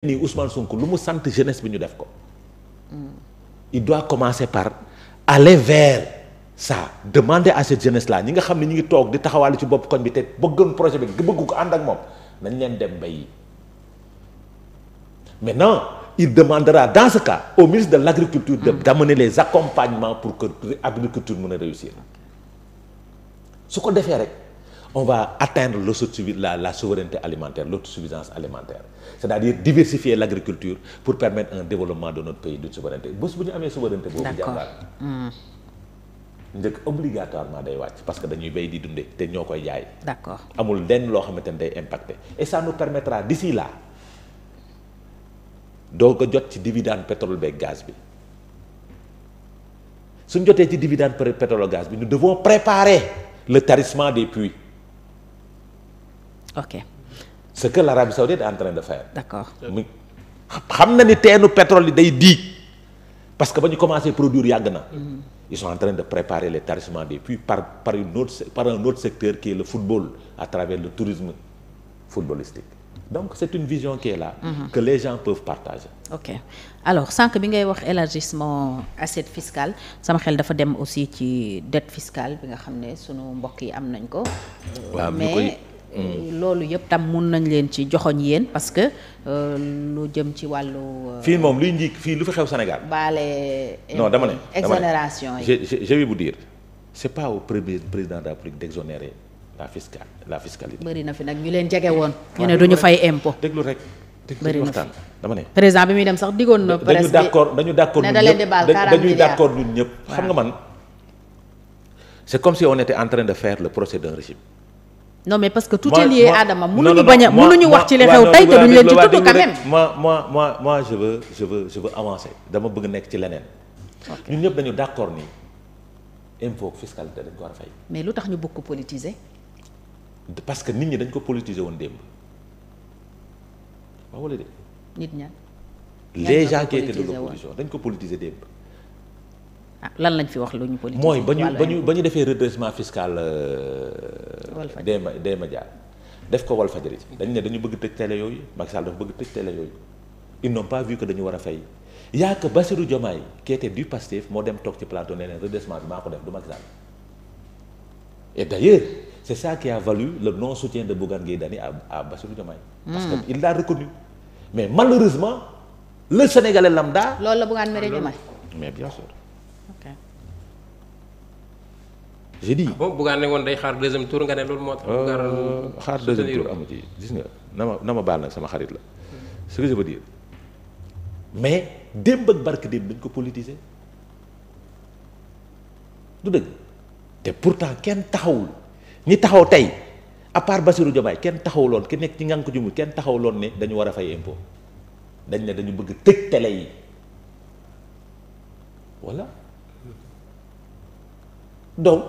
nii Ousmane Sonko lu mu sant jeunesse bi ñu def ko il doit commencer par aller vers ça demander à cette jeunesse là ñi nga xam ne ñu ngi toog di taxawaale ci bopp koñ bi te bëggoon projet bi bëgg ko ànd ak moom nañ leen dem bay maintenant il demandera dans ce cas au ministre de l'agriculture de mm. d'amener les accompagnements pour que agriculture mu a réussir su ko defee rek on va atteindre la, la souveraineté alimentaire, l'autosuffisance alimentaire. C'est-à-dire diversifier l'agriculture pour permettre un développement de notre pays d'une souveraineté. Si vous avez une souveraineté, vous avez hmm. njëkk obligatoirement day wàcc parce que dañuy béy di dundee te ñoo koy jaay. d'accord amul denn loo xamante ne day impacté et ça nous permettra d'ici là doo ko jot ci dividende pétrole beeg gaz bi suñ jotee ci dividende pétrole gaz bi nous devons préparer le tarissement des puits. ok ce que l'Arabie saoudite est en train de faire. d'accord xam na ni teenu pétrole yi day diig parce que ba ñu commencé produire yàgg na. Mhm. ils sont en train de préparer les tarissements des puits par par une autre par un autre secteur qui est le football à travers le tourisme footballistique. donc c'est une vision qui est là. Mmh. que les gens peuvent partager. ok alors sànq bi ngay wax élargissement assiette fiscale sama xel dafa dem aussi ci dette fiscale bi nga xam ne sunu mbokk yi am nañ ko. mais loolu yëpp tam mun nañ leen ci joxoñ yéen parce que euh, lu jëm ci wàllu. Euh, fii moom luy njiit fii lu fi xew Sénégal. baale. non dama ne exonération yi je je vais vous dire c' est pas au premier président la République d' exonérer la fiscal la fiscalité. bëri na fi nag ñu leen jege woon. ñu ne duñu fay impôt. déglu rek déglu waxtaan dama ne. président bi muy dem sax diggoon na. presse dañu d' accord dañu d' dañuy d' ñun ñëpp. xam nga man c' est comme si on était en de faire le procès d' non mais parce que tout moi, est lié Adama mënuñu bañ a mënuñu wax ci li xew tey te duñu leen ci tudd quand même moi moi moi moi dama bëgg nekk ci leneen ñëpp dañu d'accord ni impôt fiscalité dañ ko mais lu tax ñu bëgg ko politiser parce que nit ñi dañ ko politiser woon démb waaw wala de nit ko politiser démb ah, lan lañ fi wax lu ñu politiser mooy ba ñu ba ñu ba ñu defee redressement fiscal euh, Déma Déma Dia def ko wal Walfadjri dañ ne dañu bëgg tëj télé yooyu Macky Sall dafa bëgg tëj télé yooyu ils n'ont pas vu que dañu war a fay yaa que Bassirou Diomaye qui était du Pastef moo dem toog ci plateau ne leen redressement bi maa ko def du Macky Sall et d'ailleurs c'est ça qui a valu le non soutien de Bougane Gueye Dany à à Bassirou Diomaye parce que hmm. il l'a reconnu mais malheureusement le Sénégalais lambda. loolu la Bougane méré Diomaye ah, mais bien sûr. j'ai dit boobu ah Bougane ne woon day xaar deuxième tour nga ne loolu moo tax. Euh, xaar deuxième tour amu ci gis nga na ma na baal nag sama xarit la ce que je veux dire mais démb ak barke démb dañ ko politiser du dëgg te pourtant kenn taxawul ñi taxaw tey à basiru Bassirou Diomaye kenn taxawuloon ki nekk ci ngànk ju mu kenn taxawuloon ne dañu war a fay impôt dañ ne dañu bëgg tëj télé yi voilà donc.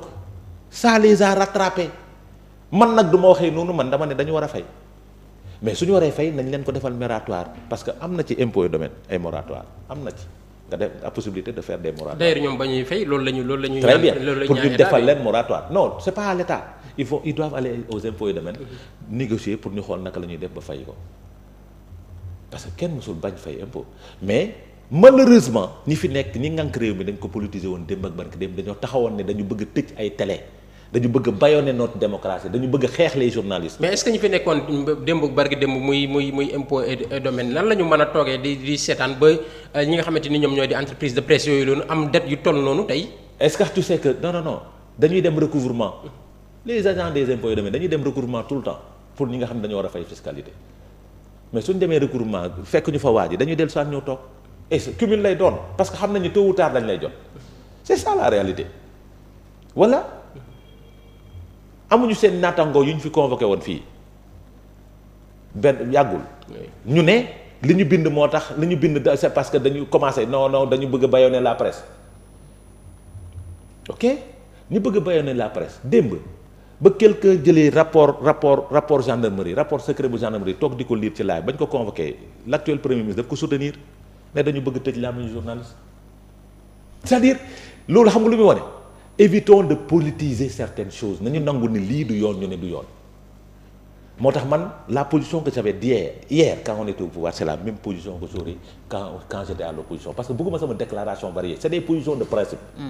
ça les a rattrapés man nag du ma waxee noonu man dama ne dañu war a fay mais suñu waree fay nañ leen ko defal moratoire parce que am na ci impôt domaine ay moratoire na ci nga def la possibilité de faire des moratoires. d'ailleurs ba ñuy fay la ñu loolu la ñu. très bien pour ñu defal leen moratoire non c'est pas il faut ils doivent aller aux impôts et mhm. négocier pour ñu xool naka la def ba fay ko parce que kenn mësul bañ fay impôt mais malheureusement ñi fi nekk ñi ngànk réew mi dañ ko politiser woon démb ak barki démb dañoo taxawoon ne dañu bëgg tëj ay tele dañu bëgg a bâillonner notre démocratie dañu bëgg a xeex les journalistes. mais est-ce que ñu fi nekkoon démb barki démb muy muy muy impôt et domaine lan la ñu mën a toogee di di seetaan ba euh, ñi nga xamante ni ñoom ñoo di entreprise de presse yooyu loonu am dette yu toll noonu tey. est-ce que tu sais que non dañuy dem recouvrement les agents des impôts et domaines dañuy dem recouvrement tout le temps pour ñi nga xam ne dañoo war a fay fiscalité mais suñ demee recouvrement fekk ñu fa waaj dañuy dellu soit ñëw toog et lay doon parce que xam nañu tôt ou tard dañ lay jot c'est ça amuñu seen naatangoo yu ñu fi convoqué woon fii benn yàggul ñu ne li ñu bind moo tax li ñu bind c'est parce que dañu commencé non non dañu bëgg a bâillonner la presse ok ñu bëgg a bâillonner la presse démb ba quelqu'un jëlee rapport rapport rapport gendarmerie rapport secret bu gendarmerie toog di ko lire ci laay bañ ko convoqué l'actuel premier ministre daf ko soutenir ne dañu bëgg tëj laa ñu journaliste cest à loolu xam nga lu muy wane évitons de politiser certaines choses nañu nangu ni lii du yoon ñu ne du yoon moo tax man la position que j'avais d'hier hier quand on était au pouvoir c'est la même position que j'aurais quand quand j'étais à l'opposition parce que bëgguma sama déclaration varier c'est des positions de principe mm.